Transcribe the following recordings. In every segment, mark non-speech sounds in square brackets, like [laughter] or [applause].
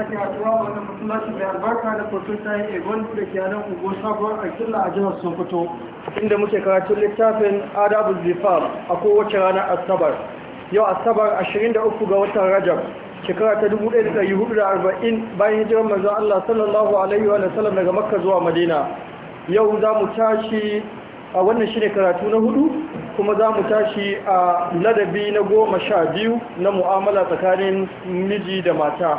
sake haɗuwa wannan masallaci mai albarka da profesa ya egon da ke yanar ugo sabuwar a a jihar sokoto inda muke karatun littafin adabu zifar a kowace ranar asabar yau asabar 23 ga watan rajab shekara ta 1440 bayan hijirar manzon Allah sallallahu alaihi wa sallam daga makka zuwa madina yau za mu tashi a wannan shine karatu na hudu kuma za mu tashi a ladabi na goma sha biyu na mu'amala tsakanin miji da mata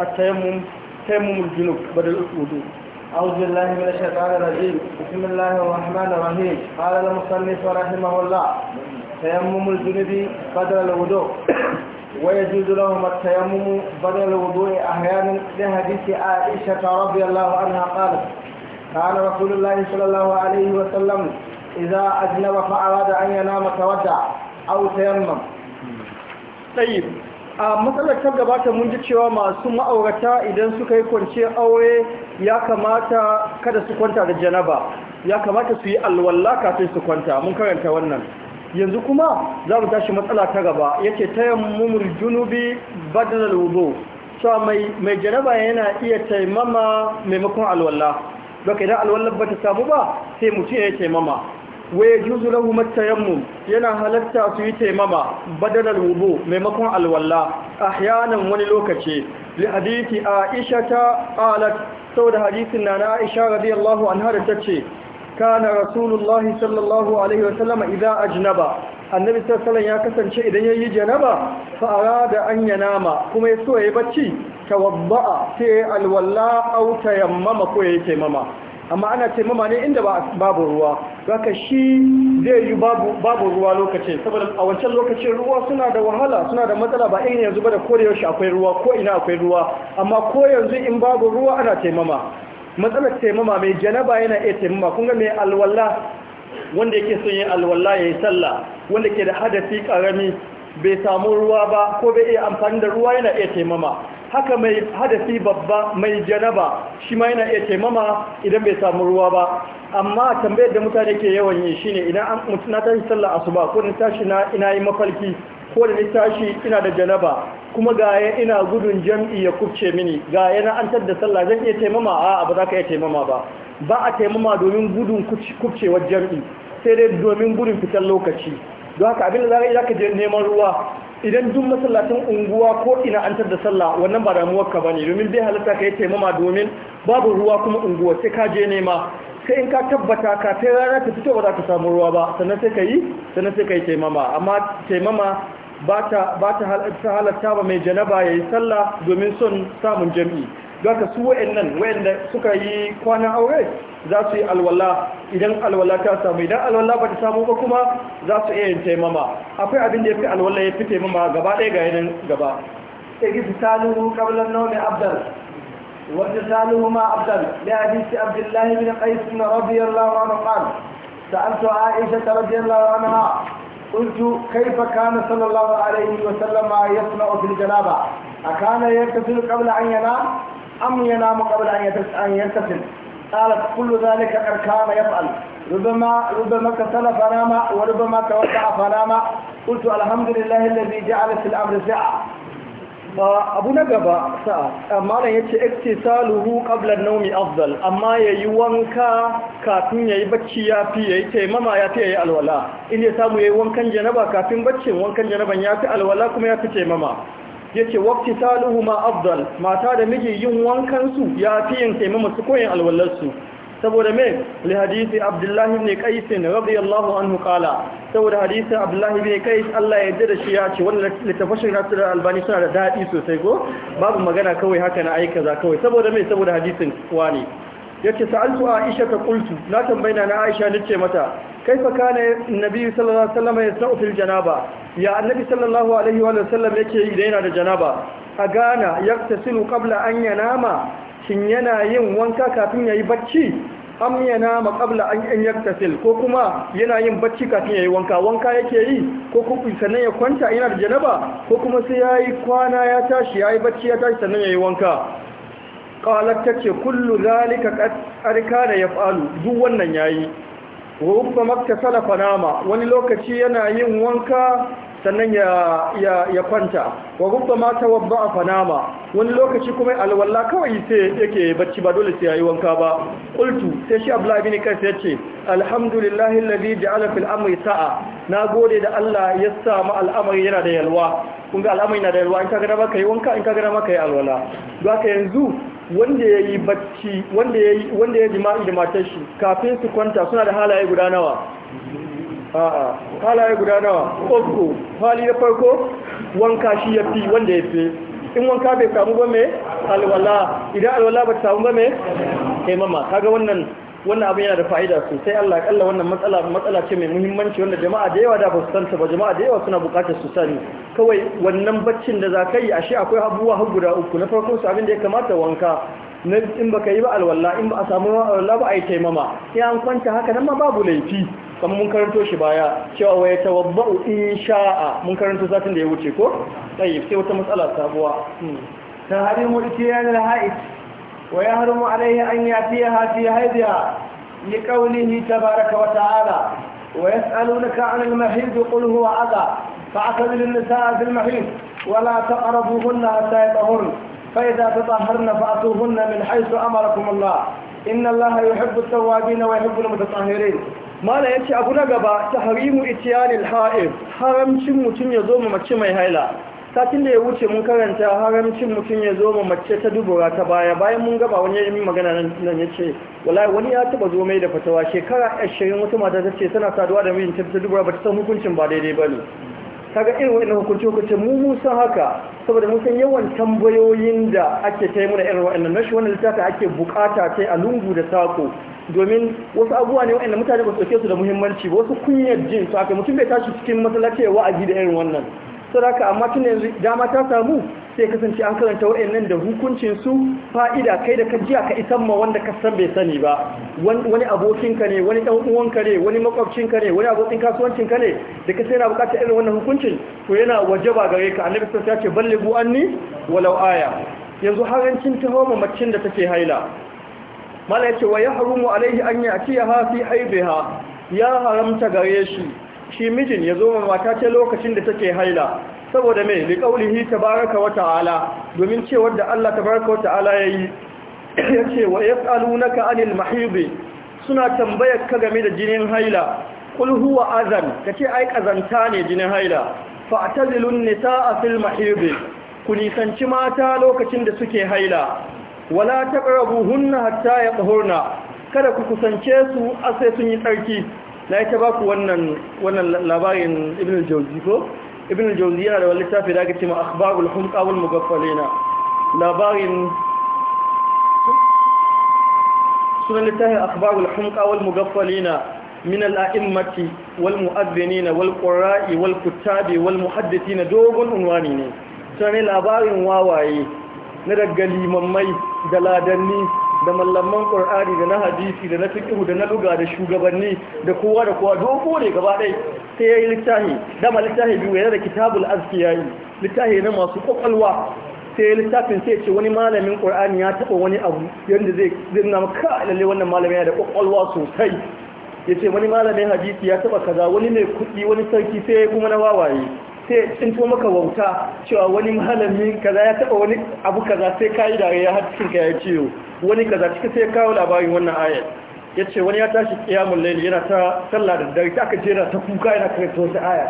التيمم تيمم الجنوب بدل الوضوء أعوذ بالله من الشيطان الرجيم بسم الله الرحمن الرحيم قال المصنف رحمه الله تيمم الجنوب بدل الوضوء ويجوز لهم التيمم بدل الوضوء أحيانا لحديث عائشة رضي الله عنها قالت كان رسول الله صلى الله عليه وسلم إذا أجنب فأراد أن ينام تودع أو تيمم طيب a matsalar ta gabata mun ji cewa masu ma'aurata idan suka yi kwanciyar aure ya kamata kada su kwanta da janaba ya kamata su yi alwalla kafin su kwanta mun karanta wannan yanzu kuma za mu tashi matsala ta gaba yake tayammumul junubi badal wudu cewa mai mai janaba yana iya taimama maimakon alwalla doka idan alwallar ba samu ba sai mutum ya taimama waye juzu lahu matayammum yana halatta su yi taimama badalal wudu maimakon alwalla ahyanan wani lokaci li hadisi aisha ta qalat saboda hadisin nana aisha radiyallahu anha da tace kana rasulullahi sallallahu alaihi wasallam idza ajnaba annabi sallallahu ya kasance idan yayi janaba fa arada an yanama kuma yaso yayi bacci tawadda sai alwalla au tayammama ko yayi taimama amma ana taimama ne inda babu ruwa ka shi zai yi babu ruwa lokacin saboda a wancan lokacin ruwa suna da wahala suna da matsala ba in yanzu ba da kore yaushe akwai ruwa ko ina akwai ruwa amma ko yanzu in babu ruwa ana taimama matsalar taimama mai janaba yana iya taimama kun ga mai Alwalla, wanda yake son yin alwala ya yi sallah wanda ke da hadafi karami bai samu ruwa ba ko bai iya amfani da ruwa yana iya taimama haka mai hadafi babba mai janaba shi ma yana iya taimama idan bai samu ruwa ba amma tambayar da mutane ke yawan yi shine idan an mutu na tashi sallah asuba ko da tashi na ina yi mafalki ko da ni tashi ina da janaba kuma ga ya ina gudun jam'i ya kubce mini ga yana an da sallah zan iya taimama a ba za ka iya taimama ba ba a taimama domin gudun kubcewar jam'i sai dai domin gudun fitar lokaci don haka abin da za ka yi je neman ruwa idan duk masallacin unguwa ko ina an da sallah wannan ba damuwar ka bane domin bai halatta ka yi taimama domin babu ruwa kuma unguwa sai ka je nema sai in ka tabbata ka ta rana ta fito ba za ka samu ruwa ba sannan sai ka yi sannan sai ka yi taimama amma taimama ba ta halatta ba mai janaba ya yi sallah domin son samun jam'i don ka su wa’in nan wa'in da suka yi kwanan aure za su yi alwala idan alwala ta samu idan alwala ba ta samu ba kuma za su iya yin taimama akwai abin da ya fi alwala ya fi taimama gaba ɗaya ga yanin gaba egi su salu mu kablan nomi abdal wata salu ma abdal da ya bi su abdullahi bin kaisu na rabiyar lawan ƙan ta an to aisha ta rabiyar lawan ha kuntu kaifa kana sallallahu alaihi wa sallama yasna'u fil janaba akana yakfil qabla an yana أم ينام قبل أن ينتصل قالت كل ذلك قد كان يفعل ربما ربما اكتسل فنام وربما توقع فنام قلت الحمد لله الذي جعل في الأمر سعة abu na gaba sa amma ce yace iktisaluhu qabla an-nawmi afdal amma yayi wanka kafin yi bacci yafi yayi taimama ya yayi alwala in ya samu yayi wankan janaba kafin baccin wankan janaban yafi alwala kuma yafi taimama yace ma afdal mata da miji yin wankan su ya fi yin taimama su koyin alwallar su saboda me li hadisi abdullahi ibn qais radiyallahu anhu qala saboda hadisi abdullahi ibn qais Allah ya da shi ya ce wannan littafin Nasir albani suna da dadi sosai go babu magana kawai haka na aika za kawai saboda me saboda hadisin wani yace sa'altu aisha ta qultu na tambayina na aisha nace mata kaifa kana nabi sallallahu alaihi wasallam janaba ya annabi sallallahu alaihi sallam yake yi da yana da janaba a gana yaktasilu qabla an yanama shin yana yin wanka kafin yayi barci? am yanama qabla an an yaktasil ko kuma yana yin bacci kafin yayi wanka wanka yake yi ko kuma sannan ya kwanta yana da janaba ko kuma sai yayi kwana ya tashi yayi barci ya tashi sannan yayi wanka qalat tace kullu zalika qad ya yaf'alu duk wannan yayi wa rubba sala fanama wani lokaci yana yin wanka sannan ya kwanta wa rubba ma tawabba fanama wani lokaci kuma alwala kawai sai yake bacci ba dole sai yayi wanka ba qultu sai shi abdullahi kai sai yace alhamdulillahi alladhi ja'ala fil amri sa'a na gode da Allah ya samu al'amari yana da yalwa kun ga al'amari yana da yalwa in ka ga maka kai wanka in ka ga maka kai alwala ba ka yanzu wanda ya yi bacci wanda ya yi jima'i da matar shi kafin su kwanta suna da halaye guda nawa a'a halaye guda nawa uku hali na farko wanka shi ya fi wanda ya fi in wanka bai samu ba mai alwala idan alwala ba ta samu ba mai kai mama kaga wannan wannan abin yana da fa'ida sosai Allah kalla wannan matsala matsala ce mai muhimmanci wanda jama'a da yawa da ba su santa ba jama'a da yawa suna bukatar su sani kawai wannan baccin da za ka yi ashe akwai abubuwa har guda uku na farko su abin da ya kamata wanka na in baka yi ba alwala in ba a samu alwala ba a yi taimama in an kwanta haka nan ma babu laifi kamar mun karanto shi baya cewa waya tawabba'u in sha'a mun karanto satin da ya wuce ko tayyib sai wata matsala sabuwa hmm. tahrimu yana da haid ويهرم عليه أن يأتيها في هيدها لقوله تبارك وتعالى ويسألونك عن المحيض قل هو أذى فاعتزلوا النساء في المحيض ولا تقربوهن حتى يطهرن فإذا تطهرن فأتوهن من حيث أمركم الله إن الله يحب التوابين ويحب المتطهرين mala yace abu na gaba tahrimu ityanil ha'id haramcin mutum ya zo mu mace mai haila satin da ya wuce mun karanta haramcin mutum ya zo ma mace ta dubura ta baya bayan mun gaba wani yi magana nan ya ce wallahi wani ya taba zo mai da fatawa shekara ashirin wata mata ta ce tana saduwa da mijinta ta dubura ba ta san hukuncin ba daidai ba ne kaga irin wa'in hukunci hukunci mu mu san haka saboda mun san yawan tambayoyin da ake ta yi muna irin wa'in nan shi wannan littafin ake bukata ta yi a lungu da sako domin wasu abubuwa ne wa'in mutane ba su ɗauke su da muhimmanci ba wasu kunyar jin su aka mutum bai tashi cikin masallaci wa'azi da irin wannan saraka amma tun yanzu dama ta samu sai kasance an karanta waɗannan da hukuncinsu fa'ida kai da ka kajiya ka isan ma wanda ka san bai sani ba wani abokinka ne wani ɗan'uwanka ne wani makwabcinka ne wani abokin kasuwancinka ne da ka sai na bukatar irin wannan hukuncin to yana waje ba gare ka annabi sai ya ce ballighu anni walau aya yanzu harancin taho macin da take haila ya yace wa yahrumu alaihi an ya'tiha fi haibiha ya haramta gare shi shi mijin ya zo ma mata ce lokacin da take haila saboda mai likaulihi kaulihi tabaraka wa ta'ala domin cewar da Allah tabaraka wa ta'ala ya [clears throat] yace wa yasalunaka anil mahid suna tambayar ka game da jinin haila qul huwa azan kace ai kazanta ne jinin haila fa'tazilun nisaa fil mahid ku nisanci mata lokacin da suke haila wala taqrabuhunna hatta yatahurna kada ku kusance su a sai sun yi tsarki na ita ba ku wannan labarin ibn al-jawzi ko ibn al-jawzi yana da wani littafi da ake cewa akhbarul humqa wal mughaffalina labarin sunan littafin akhbarul humqa wal mughaffalina min al-a'immati wal mu'adhdhinina wal qurra'i wal kuttabi wal muhaddithina dogon unwani ne sunan labarin wawaye na daga limammai da ladanni da mallaman ƙwar'ari da na hadisi da na fiqh da na luga da shugabanni da kowa da kowa dogo ne gaba ɗaya sai ya yi littafi dama littafi biyu yana da kitabul yi, littafi na masu ƙwaƙwalwa. sai littafin sai ce wani malamin ƙur'ani ya taɓa wani abu yadda zai zina maka lalle wannan malami yana da ƙwaƙwalwa sosai ya ce wani malamin hadisi ya taɓa kaza wani mai kuɗi wani sarki sai ya kuma na wawaye sai tsinto maka wauta cewa wani mahalami kaza ya taba wani abu kaza sai kayi dariya har cikin ka ya ciwo wani kaza cikin sai kawo labarin wannan ayat yace wani ya tashi qiyamul layl yana ta sallah da dare aka jera ta kuka yana karanta wata aya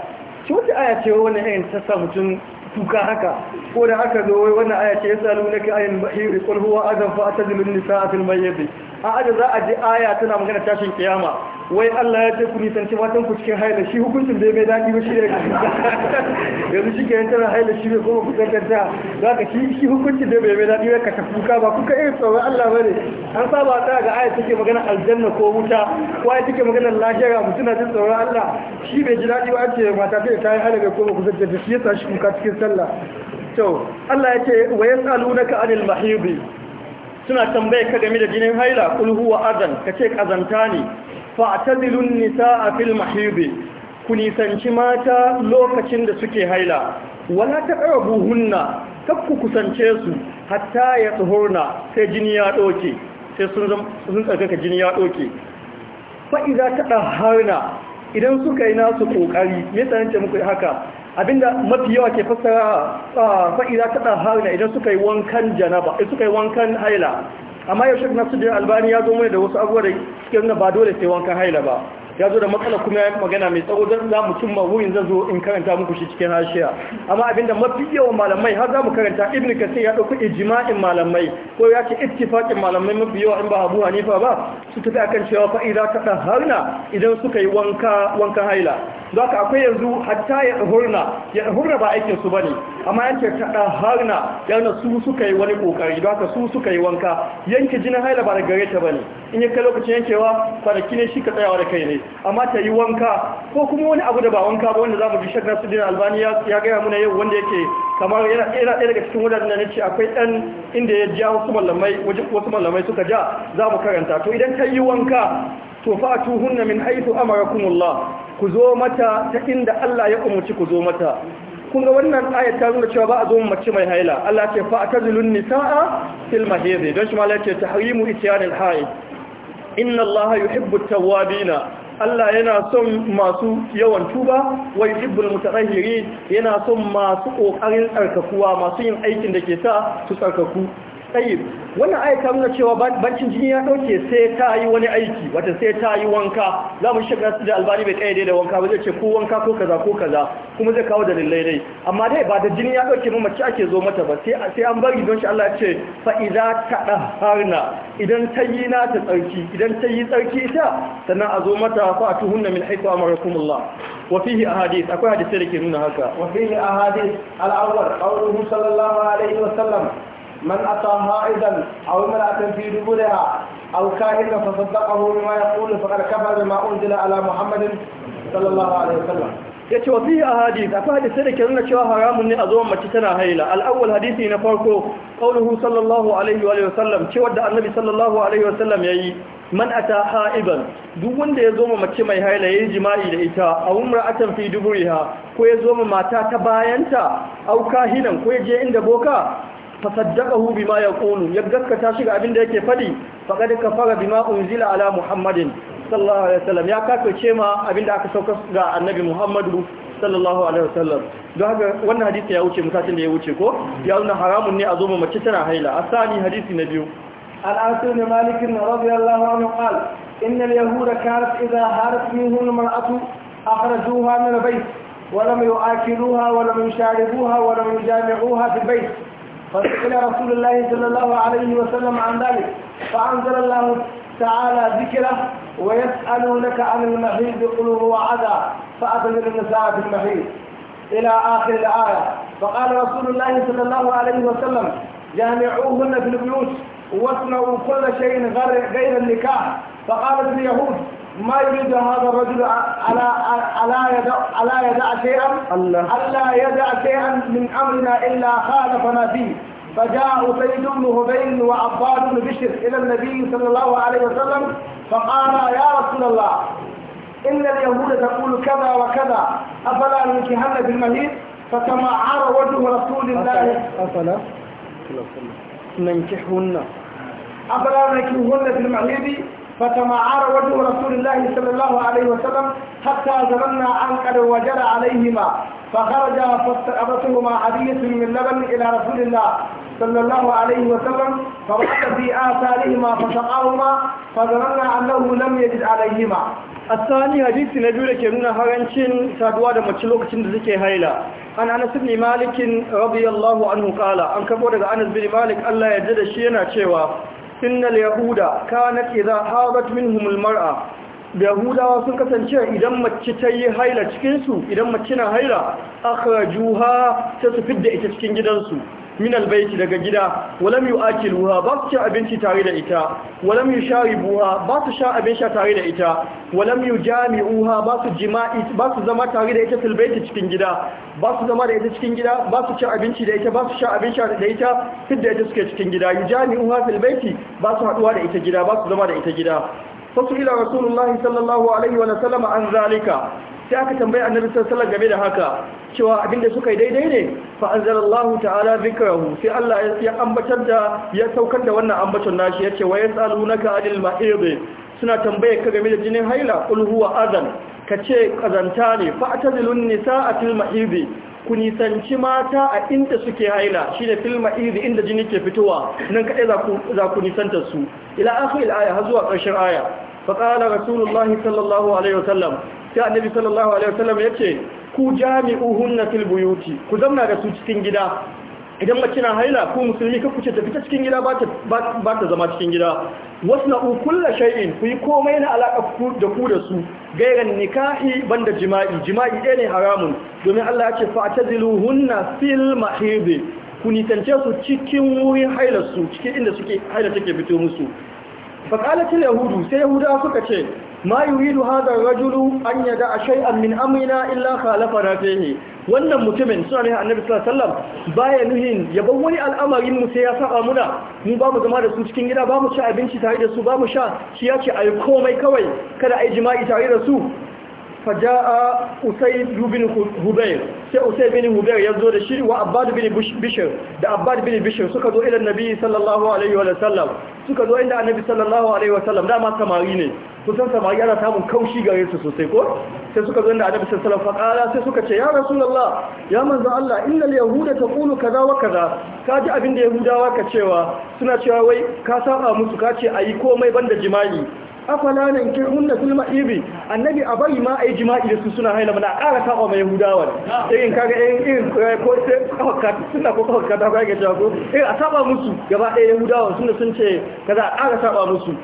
ce wata aya ce wannan ayin ta sa mutum kuka haka ko da aka zo wai wannan aya ce yasalu ka ayin bahir qul huwa adam fa atazlu nisaa fil mayyit a aje za a ji aya tana magana tashin kiyama wai Allah ya ce ku nisanci watan ku cikin haila shi hukuncin bai mai dadi ba shi ne yanzu shi ke yin tana haila shi ne kuma ku tsakanta za ka shi shi hukuncin bai mai dadi ba ka ta kuka ba kuka irin tsawon Allah bane an saba ta ga aya take magana aljanna ko wuta ko aya take magana lahira mutum na jin tsoron Allah shi bai ji dadi ba ce mata ta yi haila bai kuma ku tsakanta shi yasa shi kuka cikin sallah to Allah ya ce wa yasalunaka anil mahidi suna tambaye ka game da jinin haila kul huwa adan kace kazanta ne fa atadilun nisaa fil mahidi ku nisanci mata lokacin da suke haila wala ta taqrabuhunna hunna ku kusance su hatta ya tsuhurna sai jini ya doke sai sun sun ka jini ya doke fa idza tadahharna idan suka yi nasu kokari me tsanance muku haka abinda mafi yawa ke fassara fa'ida ta ɗaharina idan suka yi wankan janaba eh, suka yi wankan haila amma yau nasu nasiru albani ya zo mai da wasu abubuwa da suke nuna ba dole sai wankan haila ba ya zo da matsala kuma ya magana mai tsawo don za mu cimma wuyin zan zo in karanta muku shi cikin hashiya amma abinda mafi yawan malamai har za mu karanta ibn kasir ya ɗauki ijma'in malamai ko ya ce ittifaqin malamai mafi yawa in ba abu hanifa ba su tafi akan cewa fa'ida ta ɗan harna idan suka yi wanka haila don ka akwai yanzu hatta ya hurna ya hurna ba aikin su bane amma yake kada harna yana su suka yi wani kokari don ka su suka yi wanka yanke jinin haila ba da gare ta bane in ya lokacin yankewa kwanaki ne shi ka tsayawa da kai ne amma ta yi wanka ko kuma wani abu da ba wanka ba wanda za mu bi shakar su din albani ya gaya muna yau wanda yake kamar yana ɗaya daga cikin wadannan na ce akwai ɗan inda ya ja wasu malamai wasu malamai suka ja za mu karanta to idan ta yi wanka to fa'atuhunna min haythu amarakumullah ku zo mata ta inda Allah ya umarci ku zo mata kun ga wannan ayat ta nuna cewa ba a zo mace mai haila Allah ce fa atazilun nisaa fil mahiz don shi malai ce tahrimu ityanil haid inna Allah yuhibbu at-tawabin Allah yana son masu yawan tuba wa yuhibbul mutatahhirin yana son masu kokarin tsarkakuwa masu yin aikin da ke sa su tsarkaku tsayin wannan ayyuka nuna cewa bancin jini ya dauke sai ta yi wani aiki wata sai ta yi wanka za mu shiga su da albani bai ƙayyade da wanka ba zai ce ko wanka ko kaza ko kaza kuma zai kawo dalilai dai amma dai ba da jini ya dauke mu mace ake zo mata ba sai an bari don shi Allah ya ce fa idza tadahharna idan ta yi na ta tsarki idan ta yi tsarki ta sannan a zo mata fa atuhunna min haythu amarakumullah wa fihi ahadith akwai hadisi da ke nuna haka wa fihi ahadith al-awwal qawluhu sallallahu alaihi wa sallam من أتى حائضا أو امرأة في دبرها أو كائنا فصدقه بما يقول فقد كفر بما أنزل على محمد صلى الله عليه وسلم yace wa fihi ahadith akwai hadisi da ke nuna cewa haramun ne a zuwan mace tana haila al-awwal hadisi na farko qauluhu sallallahu alaihi wa sallam cewa da annabi sallallahu alaihi wa sallam yayi man ata ha'iban duk wanda ya zoma mace mai haila yayin jima'i da ita a umra'atan fi duburiha ko ya zoma mata ta bayanta au kahinan ko ya je inda boka fasaddaqahu bima yaqulu ya gaskata shi ga abin da yake fadi faqad kafara bima unzila ala muhammadin sallallahu alaihi wasallam ya kafirce ma abin da aka sauka ga annabi muhammadu sallallahu alaihi wasallam don haka wannan hadisi ya wuce mutacin da ya wuce ko ya nuna haramun ne a zo mace tana haila asali hadisi na biyu al-asir ne malikin radiyallahu anhu qal inna al-yahuda kanat idha harat minhum al-mar'atu akhrajuha min al-bayt wa lam yu'akiluha wa lam yusharibuha wa lam yujami'uha fi al-bayt فسئل رسول الله صلى الله عليه وسلم عن ذلك فأنزل الله تعالى ذكره ويسألونك عن المحيض قلوب وعدا فأتذر النساء في المحيض إلى آخر الآية فقال رسول الله صلى الله عليه وسلم جامعوهن في البيوت واصنعوا كل شيء غير النكاح فقالت اليهود ما يريد هذا الرجل ألا ألا يدع يدع شيئا ألا يدع شيئا من أمرنا إلا خالفنا فيه فجاء سيد بن هبين وعباد بن بشر إلى النبي صلى الله عليه وسلم فقال يا رسول الله إن اليهود تقول كذا وكذا أفلا ينكهن بالمهيد فتمعر وجه رسول الله أفلا ننكحهن أفلا ننكحهن بالمهيد فتمعار وجه رسول الله صلى الله عليه وسلم حتى ظننا أن قد وجر عليهما فخرج فاستقبتهما هدية من لبن إلى رسول الله صلى الله عليه وسلم فبحث في آثارهما فسقاهما فظننا أنه لم يجد عليهما الثاني حديث نجول كمنا هرنشين سادوا دمتشلوك تندزكي هيلا عن أنس بن مالك رضي الله عنه قال عن كبور أنس بن مالك الله يجد شيئا شيئا innal yahuda kanat idza min minhum almar'a yahudawa sun kasance idan mace ta yi haila cikin su idan mace na haila akhrajuha ta su fidda ita cikin gidansu min albayti daga gida walam yu'akiluha ba su ci abinci tare da ita walam yusharibuha ba su sha abin sha tare da ita walam yujami'uha ba su jima'i ba su zama tare da ita fil bayti cikin gida ba su zama da ita cikin gida ba su ci abinci da ita ba su sha abin sha da ita fidda ita suke cikin gida yujami'uha fil bayti ba su haduwa da ita gida ba su zama da ita gida fasu'ila rasulullahi sallallahu alaihi wa sallam an zalika sai aka tambaya annabi sallallahu game da haka cewa abinda suka yi daidai ne fa anzalallahu ta'ala zikrahu sai Allah ya ambatar da ya saukar da wannan ambaton nashi yace wa yasalunaka anil mahid suna tambaye ka game da jinin haila qul huwa adan kace kazanta ne fa atazilun nisa'atil mahid ku nisanci mata a inda suke haila shine fil mahid inda jini ke fitowa nan kadai za ku nisanta su ila akhir al aya har zuwa ƙarshen aya faƙala rasulullahi sallallahu alaihi wasallam sai annabi sallallahu alaihi wasallam ya ce ku jami'uhunna fil buyuti ku zamna da su cikin gida idan mace na haila ku musulmi ka kuce tafi ta cikin gida ba ta zama cikin gida wasu na'u kulla shay'in ku yi komai na alaƙa da ku da su gairan nikahi banda jima'i jima'i ɗaya ne haramun domin Allah ya ce fa'taziluhunna fil mahidi ku nisance su cikin wurin haila su cikin inda suke haila take fito musu faƙalatul yahudu sai yahuda suka ce ma yuridu hadha rajulu an yada shay'an min amrina illa khalafana fihi wannan mutumin suna ne annabi sallallahu alaihi wasallam baya nuhin ya bar wani al'amarinmu sai ya sa muna mu ba zama da su cikin gida ba mu ci abinci tare da su ba sha shi ya ce ayi komai kawai kada ayi jima'i tare da su فجاء أسيد بن هبير da shi wa يزور الشير Bishir, da بشر دا Bishir. Suka zo سكدوا إلى Sallallahu صلى wa sallam, suka zo inda Annabi Sallallahu الله wa sallam, dama ما ne. kusan samari ana samun kaushi gare su sosai ko sai suka zo inda annabi sallallahu alaihi wasallam sai suka ce ya rasulullah ya manzo Allah innal yahuda taqulu kaza wa kaza ka ji abin da yahudawa ka cewa suna cewa wai ka saba musu ka ce ayi komai banda jima'i afala nan ke hunna sulma ibi annabi a bari ma ai jima'i da su suna haila mana ƙara kawo mai yahudawa irin kaga irin eh, ko sai kawaka suna ko kawaka ta ga jago irin a saba musu gaba ɗaya yahudawa suna sun ce kaza a ƙara saba musu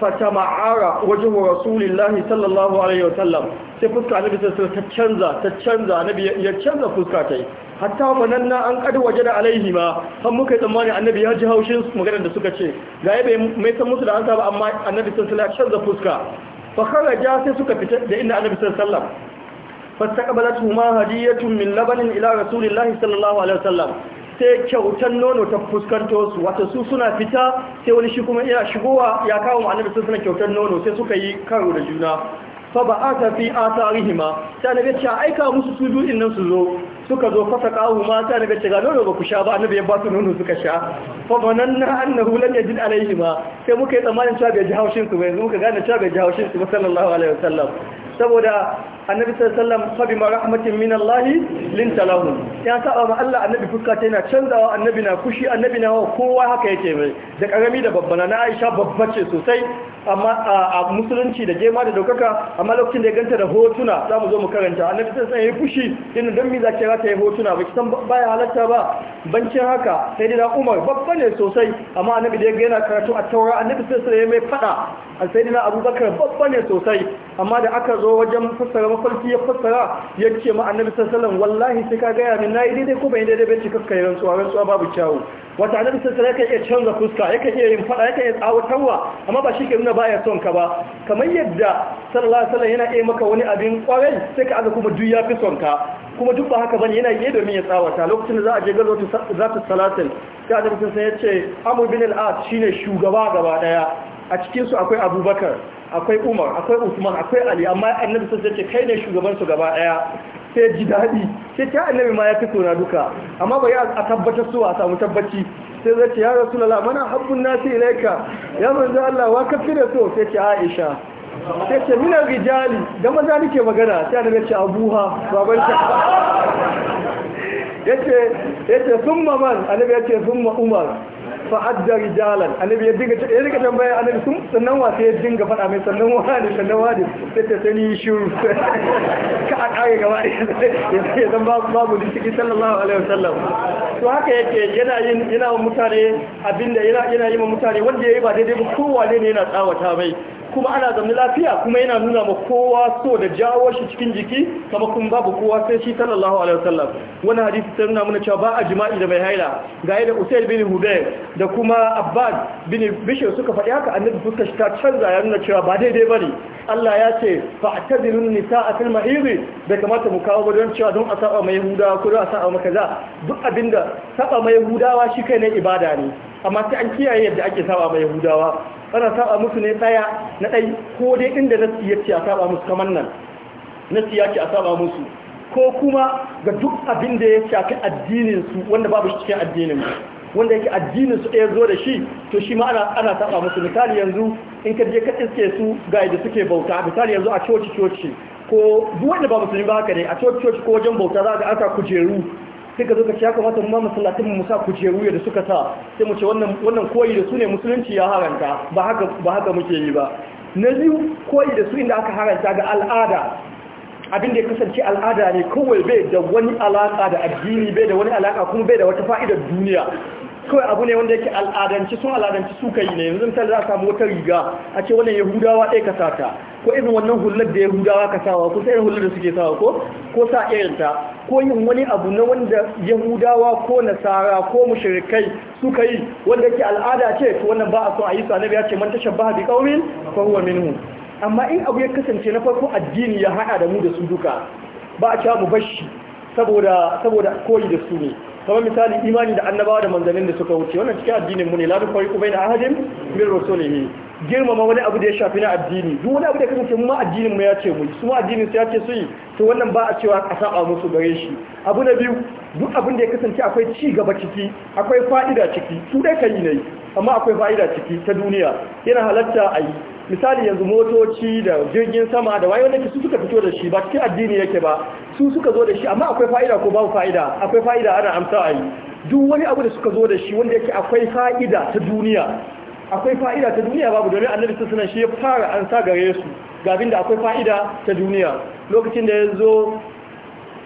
fatama'ara wajen wa rasulillahi sallallahu alaihi wasallam sai fuska annabi sai ta canza ta canza annabi ya canza fuska ta yi hatta mananna an kad waje da alaihi ma har muka yi tsammani annabi ya ji haushin maganar da suka ce ga yabe mai san musu da an ba amma annabi sai ya canza fuska fa ja sai suka fita da inda annabi sallallahu alaihi wasallam hadiyyatun min labanin ila rasulillahi sallallahu alaihi wasallam sai kyautan nono ta fuskanto su wata su suna fita sai wani shi kuma yana shigowa ya kawo mu da suna kyautar nono sai suka yi karo da juna fa ba a tafi a tarihi ma sai annabi ya aika musu su biyu nan su zo suka zo fasa kawo mata daga shiga nono ba ku sha ba annabi ya ba su nono suka sha fa banan na annahu lam yajid alayhi ma sai muka yi tsammanin cewa bai ji haushin su ba yanzu muka gane cewa bai ji haushin su sallallahu alaihi wasallam saboda annabi sallallahu alaihi wasallam fa bi rahmatin min Allah lin talahu ya saba ma Allah annabi fuska ta yana canzawa annabi na kushi annabi na kowa haka yake mai da karami da babbana na Aisha babba ce sosai amma a musulunci da jema da daukaka amma lokacin da ya ganta da hotuna zamu zo mu karanta annabi sallallahu alaihi wasallam ya kushi din dan mi zakira ta yi hotuna ba kisan baya halatta ba bancin haka sai dina umar babba ne sosai amma annabi da ya yana karatu a taura annabi sai sai mai fada a sai dina abubakar babba ne sosai amma da aka zo wajen fassara mafarki ya fassara ya ce ma annabi sallallahu wallahi sai ka gaya min nayi daidai ko yi daidai bai cika kai rantsuwa rantsuwa babu kyawu wata annabi sallallahu ya wasallam iya canza fuska yake iya yin fada ya iya tsawatarwa amma ba shi ke nuna baya son ka ba kamar yadda sallallahu alaihi wasallam yana iya maka wani abin kwarai sai ka aza kuma duk ya fi son ka kuma duk ba haka bane yana yi domin ya tsawata lokacin da za a je gazo za ta salatin sai annabi sai ya ce amr bin al shine shugaba gaba daya a cikin akwai abubakar akwai umar akwai usman akwai ali amma annabi ya ce kai ne shugaban su gaba daya sai ji daɗi sai ta annabi ma ya fito na duka amma bai a tabbatar su a samu tabbaci sai zai ce ya rasulullah mana habbun nasi ilaika ya manzo Allah wa kafira so sai ce aisha sai ce minar rijali da maza nike magana sai da ce abuha baban ta yace yace sun man annabi yace summa umar fa'adda rijalan annabi ya dinga ya dinga tambaya annabi sun sannan wa sai ya dinga faɗa mai sannan wa ne sannan wa ne sai ta sani shiru [laughs] ka a kare gaba [laughs] ya zan babu babu ni cikin sallallahu alaihi wasallam to haka yake yana yin yana wa mutane abinda yana yana yi wa mutane wanda yayi ba daidai ba kowa ne yana tsawata mai kuma ana zaune lafiya kuma yana nuna ma kowa so da jawo shi cikin jiki kama kuma babu kowa sai shi sallallahu alaihi wasallam wannan hadisi sai nuna mana cewa ba a jima'i da mai haila ga yadda Usaid bin Hudayr da kuma abbas bin bishir suka faɗi haka annabi fuska shi ta canza ya nuna cewa ba daidai ba ne allah ya ce fa a tazilun nisa a filma hiri bai kamata mu kawo don cewa don a saba mai yahudawa ko don a saba maka za duk abinda saba mai yahudawa shi kai ne ibada ne amma sai an kiyaye yadda ake saba mai yahudawa ana saba musu ne tsaya na ɗai ko dai inda na ce a saba musu kamar nan na ce a saba musu ko kuma ga duk abin da ya shafi addininsu wanda babu shi cikin addinin mu wanda yake addinin su ɗaya zo da shi to shi ma ana ana saba musu misali yanzu in ka je ka iske su ga yadda suke bauta misali yanzu a coci coci ko duk wanda ba musulmi ba haka ne a coci coci ko wajen bauta za ka aka kujeru sai ka zo ka ce ya kamata mu ma masallatin mu sa kujeru yadda suka sa sai mu ce wannan wannan koyi da su ne musulunci ya haranta ba haka muke yi ba na biyu koyi da su inda aka haranta ga al'ada abin da ya kasance al'ada ne kawai bai da wani alaka da addini bai da wani alaka kuma bai da wata fa'idar duniya kawai abu ne wanda yake al'adanci sun al'adanci su kai ne yanzu misali za a samu wata riga a ce wannan yahudawa ɗaya ka ko irin wannan hular da yahudawa ka ko sai hular da suke sawa ko ko sa irin ta ko yin wani abu na wanda yahudawa ko nasara ko mushrikai suka yi wanda yake al'ada ce to wannan ba a so a yi sa ya ce man tashabbaha bi qaumin fa huwa minhum amma in abu ya kasance na farko addini ya haɗa da mu da su duka ba a cewa mu bashi saboda saboda koyi da su ne kamar misali imani da annabawa da manzannin da suka wuce wannan cikin addinin mu ne la dukkan ku baina ahadin min rasulihi girmama wani abu da ya shafi na addini duk wani abu da kasance mu addinin mu ya ce mu su addinin su ya ce su yi to wannan ba a cewa a saba musu gare shi abu na biyu duk abin da ya kasance akwai ci gaba ciki akwai fa'ida ciki su dai kai ne amma akwai fa'ida ciki ta duniya yana halatta a yi misali yanzu motoci da jirgin sama da wayo ne su suka fito da shi ba cikin addini yake ba su suka zo da shi amma akwai fa'ida ko babu fa'ida akwai fa'ida ana amsa a yi duk wani abu da suka zo da shi wanda yake akwai fa'ida ta duniya akwai fa'ida ta duniya babu domin annabi sun shi ya fara an sa gare su ga abin akwai fa'ida ta duniya lokacin da ya zo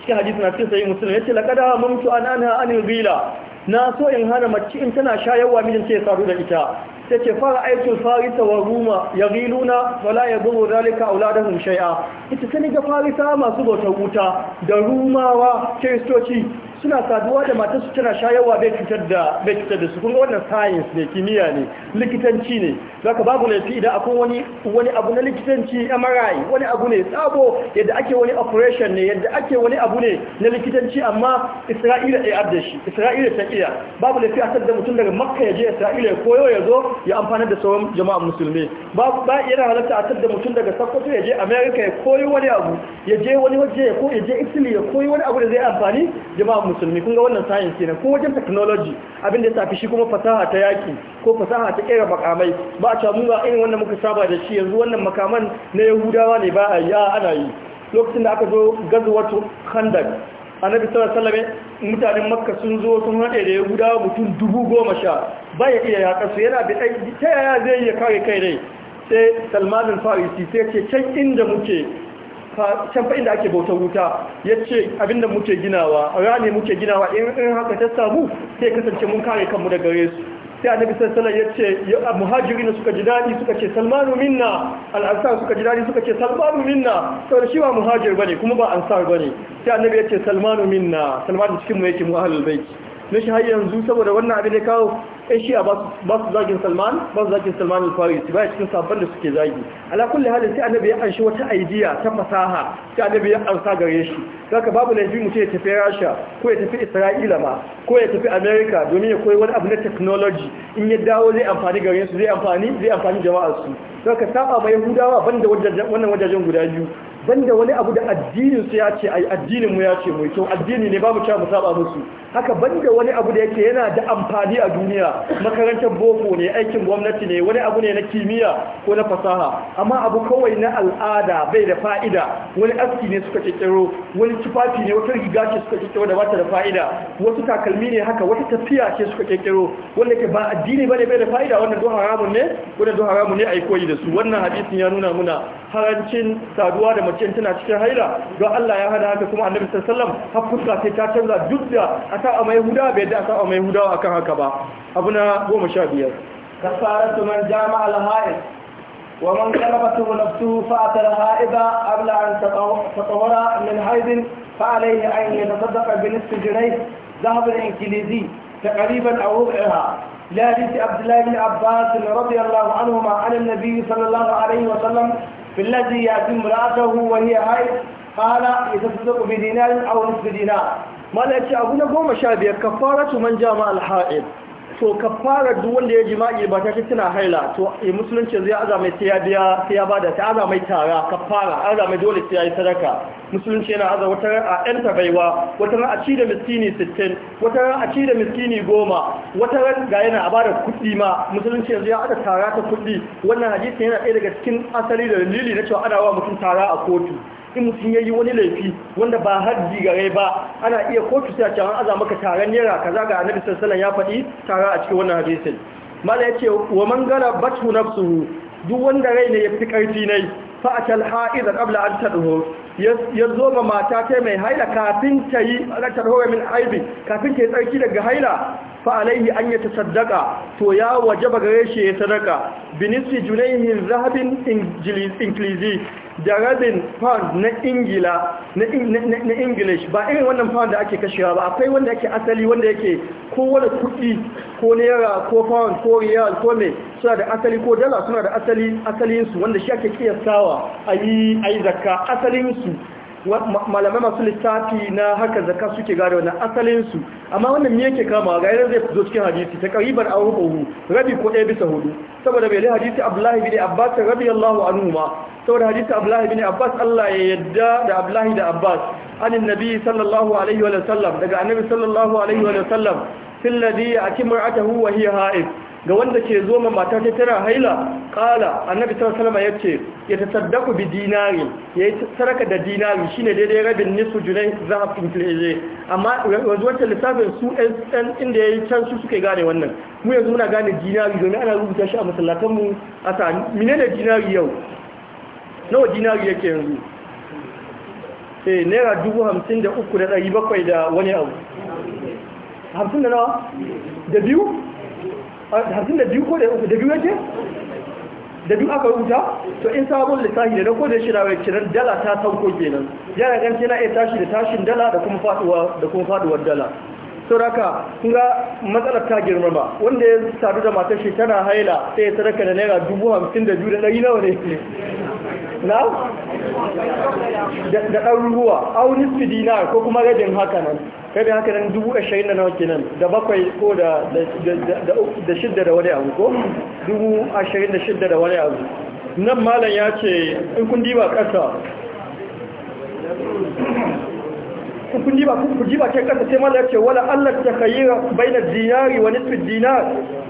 cikin hadisi na cikin sayi musulun ya ce laƙada mamtu an anil bila na so in hana mace in tana shayarwa mijin sai ya sadu da ita ta ce fara aikin farisa wa ruma ya riluna wala ya buru zalika auladahum shay'a ita sani ga farisa masu bautar wuta da rumawa kiristoci suna saduwa da matar su tana shayarwa bai cutar da bai cutar da su kun ga wannan science ne kimiyya ne likitanci ne zaka babu laifi idan akwai wani wani abu na likitanci MRI wani abu ne sabo yadda ake wani operation ne yadda ake wani abu ne na likitanci amma Isra'ila ya adda shi Isra'ila ta iya babu laifi a da mutum daga Makka ya je Isra'ila ya koyo ya zo ya amfana da sauran jama'an musulmi ba ba yana halatta a da mutum daga Sokoto ya je America ya koyo wani abu ya je wani waje ya ko ya je Italy ya koyo wani abu da zai amfani jama'an musulmi kun ga wannan science na kuma wajen technology abin da ya tafi shi kuma fasaha ta yaki ko fasaha ta kera makamai ba a camu ba irin wannan muka saba da shi yanzu wannan makaman na yahudawa ne ba a yi ana yi lokacin da aka zo wato khandak a na bisar salame mutanen makka sun zo sun haɗe da yahudawa mutum dubu goma sha ba ya iya yaƙa su yana bi ta yaya zai iya kare kai ne sai salmanin farisi sai ce can inda muke can fa inda ake bautar wuta ya ce abinda muke ginawa rane muke ginawa in haka ta samu sai kasance mun kare kanmu daga resu sai annabi sallallahu ya ce muhajirin suka ji dadi suka ce salmanu minna Al'ansar suka ji dadi suka ce salmanu minna to shi ba muhajir bane kuma ba ansar bane sai annabi ya ce salmanu minna salmanu cikin mu yake mu ahlul bait na shi har yanzu saboda wannan abin da kawo ai shi a ba su zagin salman ba su zagin salman al su ba cikin sabon da suke zagi ala kulli halin sai annabi ya anshi wata idea ta fasaha sai annabi ya ansa gare shi zaka babu laifi mutum ya tafi rasha ko ya tafi isra'ila ma ko ya tafi america domin ya koyi wani abu na technology in ya dawo zai amfani gare su zai amfani zai amfani jama'ar su saka saba mai hudawa banda wannan wajajen guda biyu banda wani abu da addinin su ya ce ai addinin mu ya ce mu to addini ne babu cewa mu saba musu haka banda wani abu da yake yana da amfani a duniya makarantar boko ne aikin gwamnati ne wani abu ne na kimiyya ko na fasaha amma abu kawai na al'ada bai da fa'ida wani aski ne suka kirkiro wani tufafi ne wata riga ce suka kirkiro da bata da fa'ida wasu takalmi ne haka wata tafiya ce suka kirkiro wanda ke ba addini bane bai da fa'ida wannan don haramun ne wannan don haramun ne ai koyi da su wannan hadisin ya nuna muna harancin saduwa da macen tana cikin haila don Allah ya hada haka kuma annabi sallallahu alaihi wasallam fuska sai ta canza duk da aka a mai huda bai da aka a mai huda akan haka ba abu na 15 kafaratu man jama'a al-ha'id wa man qalabatu nafsuhu fa atalha'ida qabla an tatawara min haidin fa alayhi an yatasaddaqa bi nisfi jirayh ذهب الإنجليزي تقريبا أو ربعها لحديث عبد الله بن عباس رضي الله عنهما عن النبي صلى الله عليه وسلم في الذي يأتي امرأته وهي هاي قال يتصدق بدينار أو نصف دينار ما لا يأتي أبونا قوم شابية كفارة من جامع الحائض to ka fara duk wanda ya jima'i ba ta tana haila to ya musulunci zai aza mai sai ya biya sai ya bada ta aza mai tara ka fara aza mai dole sai ya yi sadaka musulunci yana aza wata ran a ɗan tabaiwa wata ran a ci da miskini 60 wata ran a ci da miskini 10 wata ran ga yana a bada kuɗi ma musulunci yanzu ya aza tara ta kuɗi wannan hadisi yana ɗaya daga cikin asali da dalili na cewa ana wa mutum tara a kotu in mutum ya yi wani laifi wanda ba haddi rai ba ana iya kotu sai a cewa aza maka taron naira kaza ga annabi sallallahu ya faɗi tare a cikin wannan hadisin mala yace wa man gana batu nafsuhu duk wanda rai ne ya fi karfi nai fa atal ha'iza kabla an tadhu ya zo ma mata ta mai haila kafin ta yi ta min aibi kafin ta yi tsarki daga haila fa alaihi an yatasaddaqa to ya wajaba gare shi ya sadaka binisi junaihin zahabin inklizi da rabin pound na ingila na english ba irin wannan pound da ake kashewa ba akwai wanda yake asali wanda yake wani kuɗi ko naira ko pound ko riyal ko mai suna da asali ko dala suna da asali asalinsu wanda shi ake kiyasawa a yi zakka asalinsu malamai masu littafi na haka zaka suke gane wannan asalinsu amma wannan me yake kama ga yanzu zai fito cikin hadisi ta karibar an rubuhu rabi ko ɗaya bisa hudu saboda bai lai hadisi abdullahi bin abbas radiyallahu anhu ma saboda hadisi abdullahi bin abbas Allah ya yadda da abdullahi da abbas anin nabi sallallahu alaihi wa sallam daga annabi sallallahu alaihi wa sallam fil ladhi atimra'atuhu wa hiya ha'id ga wanda ke zo ma mata ta tara haila kala annabi sallallahu alaihi yace ya tasaddaku bi dinari yayi saraka da dinari shine daidai rabin nisfu junai zahab in tilje amma wata lissafin su ɗan inda yayi can su suke gane wannan mu yanzu muna gane dinari domin ana rubuta shi a masallatan mu a mine menene dinari yau nawa dinari yake yanzu eh naira dubu hamsin da uku da bakwai da wani abu hamsin da nawa da biyu hamsin da biyu ko da da biyu da biyu aka rubuta to in sabon lissafi da na da shida mai kiran dala ta sauko kenan yana ganci na iya tashi da tashin dala da kuma faduwar dala sauraka ga matsalar ta girmama wanda ya sadu da matar shi tana haila sai ya sadaka da naira dubu hamsin da biyu da ɗari nawa ne na da ɗaruruwa aunis fi na, ko kuma gajin haka nan rabin haka nan dubu ashirin da nawa kenan da bakwai ko da shidda da wani abu ko dubu ashirin da shidda da wani abu nan malam ya ce in kun diba ƙasa in kun diba kun diba ke kasa sai ya ce wala Allah ta khayyira baina dinari wa nisfu dinar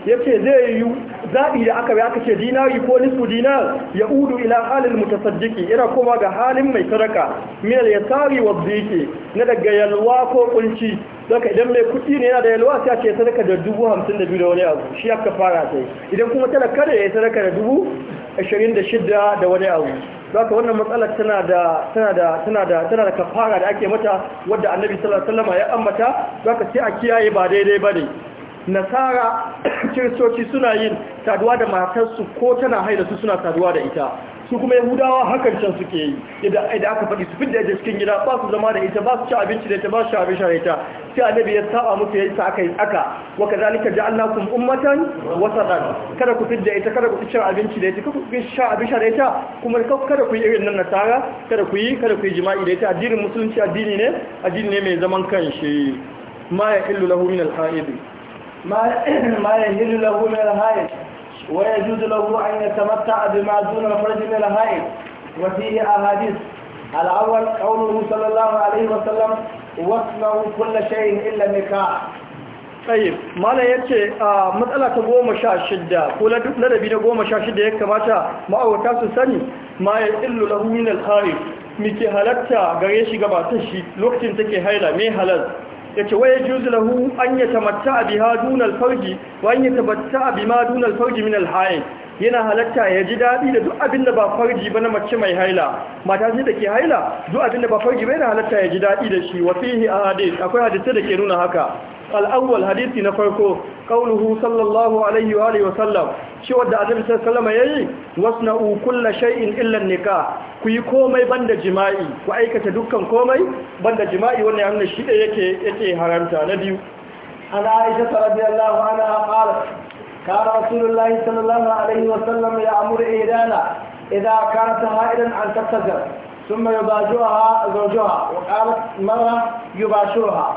yace zai yi zabi da aka bai aka ce dinari ko nisfu dinar ya udu ila halil mutasaddiqi ira kuma ga halin mai sadaka mil yasari wa dhiki na daga yalwa ko kunci saka idan mai kudi ne yana da yalwa sai ce sadaka da dubu hamsin da biyu da wani abu shi aka fara sai idan kuma talaka da ya sadaka da dubu ashirin da shida da wani abu zaka wannan matsalar tana da tana da kafara da ake mata wadda annabi sallallahu alaihi wasallam ya ambata zaka sai a kiyaye ba daidai bane nasara [coughs] kiristoci suna yin saduwa da matarsu ko tana haida su suna saduwa da ita su kuma yahudawa hakan can suke yi idan aka faɗi su fidda da cikin gida ba su zama da ita ba su ci abinci da ita ba su abin shabe ta sai annabi ya saba musu yayin sa aka yi aka wa Allah ja'alnakum ummatan wasatan kada ku fidda ita kada ku ci abinci da ita kada ku sha abin sha da ita kuma kada ku yi irin nan nasara kada ku yi kada ku yi jima'i da ita addinin musulunci addini ne addini ne mai zaman kanshi ma ya illu lahu min al-ha'id ma [clears throat] ya illu lahu min al-ha'id ويجوز له أن يتمتع بما دون الفرج من الهائل وفيه أحاديث الأول قوله صلى الله عليه وسلم واصنعوا كل شيء إلا النكاح طيب mala yace a matsala ta goma sha shidda ko ladabi na goma sha shidda ya kamata ma'aurata su sani ma ya illu lahu al-kharij mike halatta gare shi gabatar shi lokacin take haila mai halal yace waya juzu lahu an yatamatta biha dun al-farji wa an yatamatta bima dun farji min al-hayd yana halatta ya ji daɗi da duk abin da ba farji ba na mace mai haila mata ce da ke haila duk abin da ba farji ba yana halatta ya ji daɗi da shi wa fihi ahadith akwai hadisi da ke nuna haka al-awwal hadisi na farko qauluhu sallallahu alaihi wa alihi wa sallam shi wanda azabi ya yi, yayi wasna'u kullu shay'in illa nika nikah ku yi komai banda jima'i ku aikata dukkan komai banda jima'i wannan yana shi da yake yake haramta na biyu an aisha radiyallahu anha qalat كان رسول الله صلى الله عليه وسلم يأمر إيدانا إذا كانت هائلا أن تتزر ثم يباشرها زوجها وقالت مرة يباشرها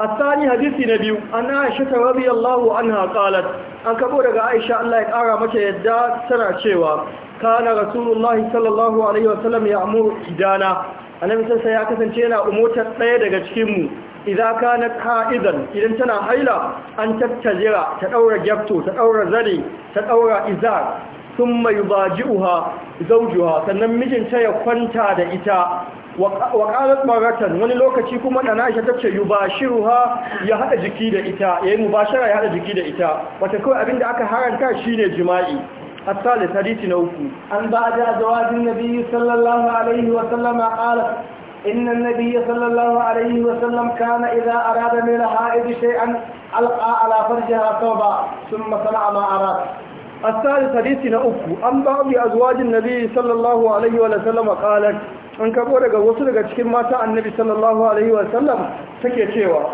الثاني حديث نبي أن عائشة رضي الله عنها قالت أن كبورك عائشة الله يقارى متى يدى سنة شوى كان رسول الله صلى الله عليه وسلم يأمر إيدانا annabi sai ya kasance yana umotar ɗaya daga cikinmu idza na ha'idan idan tana haila an tattajira ta daura gyafto ta daura zare ta daura izar thumma yubaji'uha zawjuha sannan mijinta ya kwanta da ita wa qalat maratan wani lokaci kuma dana Aisha tace yubashiruha ya hada jiki da ita yayi mubashara ya hada jiki da ita Wace kawai abinda aka haranta shine jima'i الثالث حديث نوفي عن بعد أزواج النبي صلى الله عليه وسلم قالت إن النبي صلى الله عليه وسلم كان إذا أراد من الحائض شيئا ألقى على فرجها ثوبا ثم صنع ما أراد الثالث حديثنا أفو أن بعض أزواج النبي صلى الله عليه وسلم قالت an kabo daga wasu daga cikin mata annabi sallallahu alaihi wasallam take cewa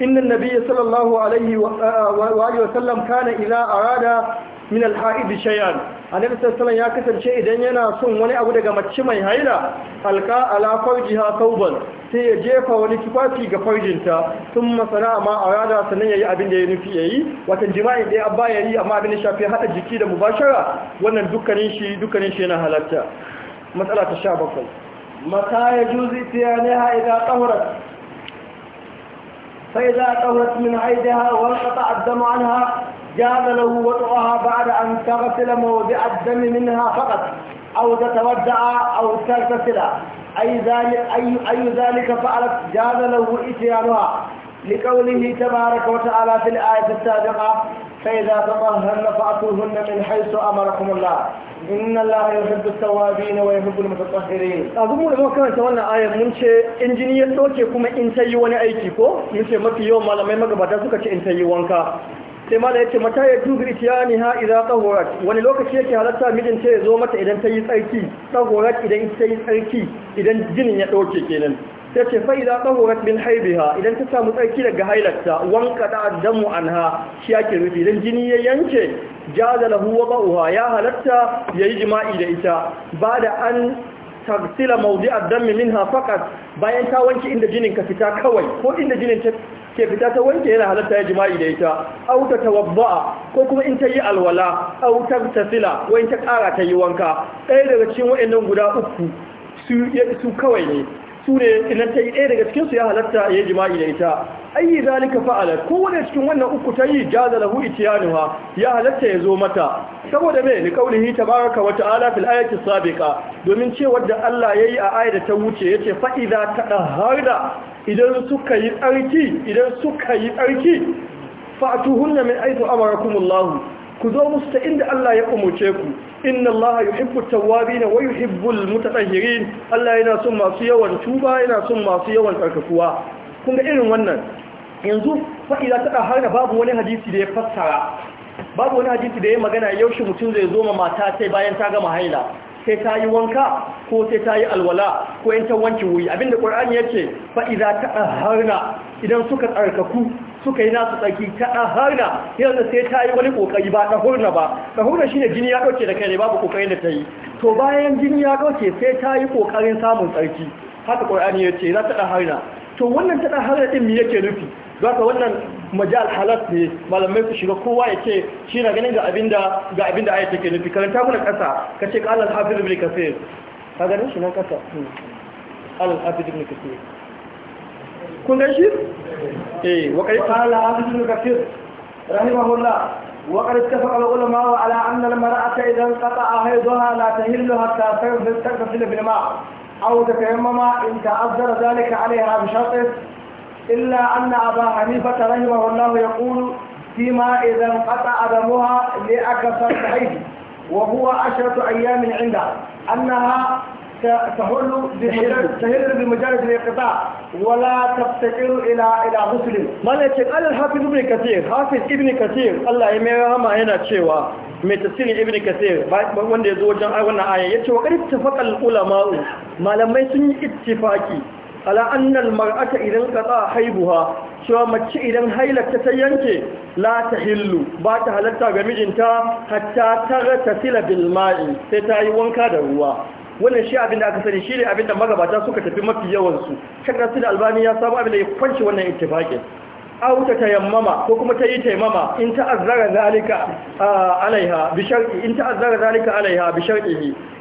inna nabiyya sallallahu alaihi wa sallam kana idza arada min al-ha'id shay'an annabi sallallahu ya kasance idan yana son wani abu daga mace mai haila alqa ala fawjiha thawban sai ya jefa wani tufafi ga farjinta thumma sana'a ma arada sanan yayi abin da ya nufi yayi watan jima'i da abba yayi amma abin shafi hada jiki da mubashara wannan dukkanin shi dukkanin shi yana halatta matsala ta 17 mata yajuzu tiyanaha idan tahurat فإذا طهرت من عيدها وانقطع الدم عنها جاز له وضعها بعد أن تغسل موضع الدم منها فقط أو تتودع أو تغتسل أي ذلك, أي, أي ذلك فعلت جاز له إتيانها لقوله تبارك وتعالى في الآية السابقة فإذا تطهرن فأتوهن من حيث أمركم الله إن الله يحب التوابين ويحب المتطهرين أظن أنه كان سوانا آية من شيء إنجينير توكي كما إنتي وانا أيكي كو من شيء ما في يوم ما لم يمكن يمكبتا سكتي إنتي وانكا sai mala ce mata ya tubi idan idza tahurat wani lokaci yake halatta mijin ta zo mata idan ta yi tsarki tahurat idan ta yi tsarki idan jinin ya dauke kenan sai ce fa idza tahurat min haibiha idan ta samu tsarki daga hailarta wanka da an anha shi yake rufi idan jini ya yanke jaza lahu wa ba'uha ya halatta yayi jima'i da ita ba da an tagsila mawdi addami minha faqat bayan ta wanke inda jinin ka fita kawai ko inda jinin ta ke fita ta wanke yana halatta ya jima'i da ita aw ta tawadda ko kuma in ta yi alwala aw tasila ko in ta kara ta yi wanka ɗaya daga cikin waɗannan guda uku su kawai ne su ne idan ta yi ɗaya daga cikinsu ya halatta ya jima'i da ita ayi zalika fa'alat kowane cikin wannan uku ta yi jaza lahu itiyanuha ya halatta ya zo mata saboda me li qaulihi tabaraka wa ta'ala fil ayati sabiqa domin cewar da Allah yayi a ayar ta wuce yace fa idza ta idan suka yi tsarki idan suka yi tsarki fa'tuhunna min aitu amarakumullahu ku zo musu ta inda Allah ya umurce ku inna Allah yuhibbu tawwabin wa yuhibbu almutatahhirin Allah yana son masu yawan tuba yana son masu yawan tsarkakuwa kun irin wannan yanzu fa'ida ta har da babu wani hadisi da ya fassara babu wani hadisi da ya magana yaushe mutum zai zo ma mata sai bayan ta gama haila sai ta yi wanka ko sai ta yi alwala ko yan ta wanke wuri abinda ƙwar'an ya ce fa'ida ta harna idan suka tsarkaku suka yi nasu tsaki ta ɗahana yanzu sai ta yi wani ƙoƙari ba hurna ba hurna shi ne jini ya ɗauke da kai ne babu ƙoƙarin da ta yi to bayan jini ya ɗauke sai ta yi ƙoƙarin samun tsarki haka ƙorani ya ce za ta harna to wannan ta harna ɗin me yake nufi za ka wannan majal halas ne malamai su shiga kowa ya ce shi na ganin ga da ga abinda ayat take nufi karanta mana ƙasa ka ce ƙalar hafiz ibn kasir ka ganin shi na ƙasa hmm. al hafiz ibn kasir kunde shi eh wakai qala abdul kafir rahimahullah wakai tafa al ulama wa ala anna al mar'ata idan qata'a haydaha la tahillu hatta tayyib tarka fil bil ma aw tayammama in ta'azzara dhalika alayha bi shartin illa anna aba hanifa rahimahullah yaqulu fima idan qata'a damuha li akasa tahid وهو عشرة أيام عنده أنها تهل تهل بمجالس الانقطاع ولا تفتقر الى الى مسلم مالك قال الحافظ ابن كثير حافظ ابن كثير الله ya mai rahama yana cewa mai tasiri ibn kasir wanda ya zo wajen wannan aya ya ce wa ƙarfi tafakal ulama'u malamai sun yi ittifaki ala annal mar'ata idan qata haibuha cewa mace idan hailarta ta yanke la ta hillu ba ta halatta ga mijinta hatta ta tasila bil ma'i sai ta yi wanka da ruwa wannan shi abin da aka sani shi ne abin da magabata suka tafi mafi yawansu kan da albani ya samu abin da ya kwanci wannan A wuta ta yammama ko kuma ta yi tayammama in ta'azzara zalika alaiha bi shar'i in ta'azzara zalika alaiha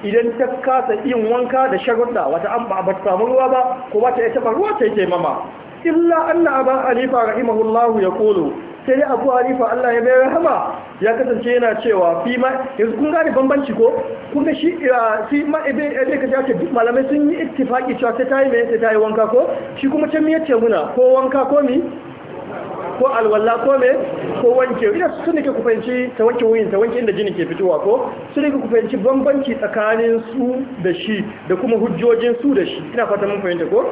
idan ta kasa yin wanka da sharuɗa wata an ba samu ruwa ba ko ba ta yi taɓa ruwa ta yi taimama. illa anna aba hanifa rahimahullahu kolo. sai dai abu halifa Allah ya bai rahama ya kasance yana cewa fi ma yanzu kun gane bambanci ko kun ga shi fi ah, ma ibe ibe ka ce duk malamai sun yi ittifaki cewa sai tayi mai sai tayi wanka ko shi kuma can miyar ce muna ko wanka ko mi ko alwala ko me ko wanke ina su ne ke ku fahimci ta wanke wuyin ta wanke inda jini ke fitowa ko su ne ku fahimci bambanci tsakanin su da shi da kuma hujjojin su da shi ina fata mun fahimta ko